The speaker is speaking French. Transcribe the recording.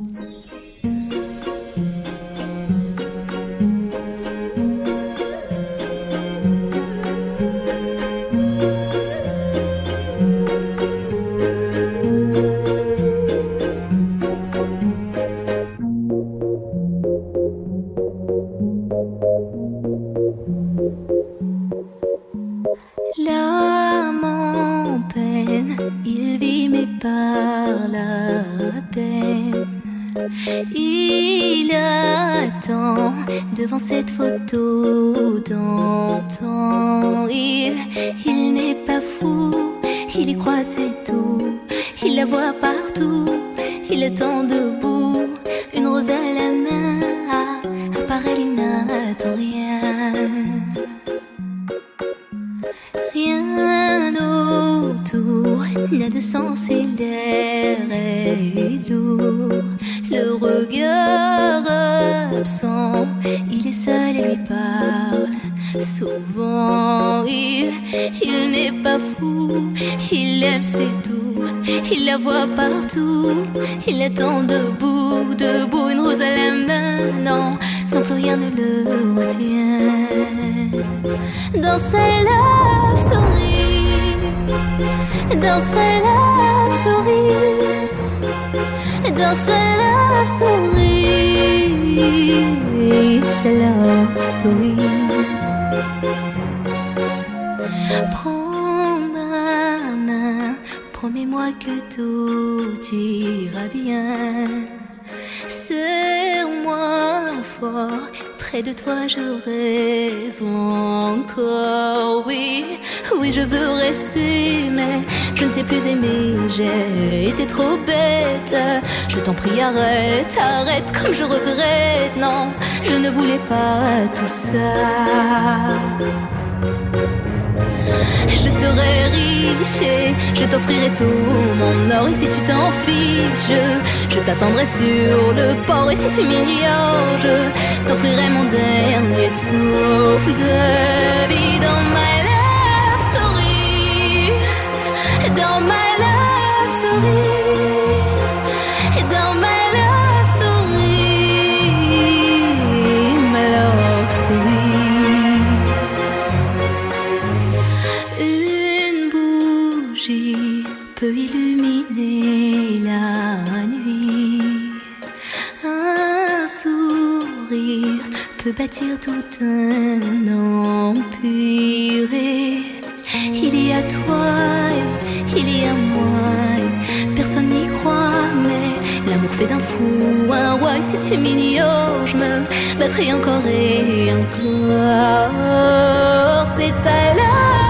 L'âme en peine, il vit mais par là. Il attend devant cette photo d'antan. Il, il n'est pas fou, il y croit, c'est tout. Il la voit partout, il attend debout. Une rose à la main, ah, elle il n'attend rien. Rien autour n'a de sens et est lourd le regard absent. Il est seul et lui parle souvent. Il, n'est pas fou, il aime ses doux Il la voit partout, il attend debout, debout, une rose à la main. Non, non plus rien ne le retient. Dans sa love story, dans sa love story. dans story story, c'est Prends ma main, promets-moi que tout ira bien. Serre-moi fort, près de toi je rêve encore. Oui, je veux rester, mais je ne sais plus aimer. J'ai été trop bête. Je t'en prie, arrête, arrête, comme je regrette. Non, je ne voulais pas tout ça. Je serai riche et je t'offrirai tout mon or. Et si tu t'en fiches, je, t'attendrai sur le port. Et si tu m'ignores, je t'offrirai mon dernier souffle de vie dans ma illuminer la nuit. Un sourire peut bâtir tout un empire. Il y a toi, il y a moi. Personne n'y croit, mais l'amour fait d'un fou un roi. si tu m'ignores, je me battrai encore et encore. C'est à la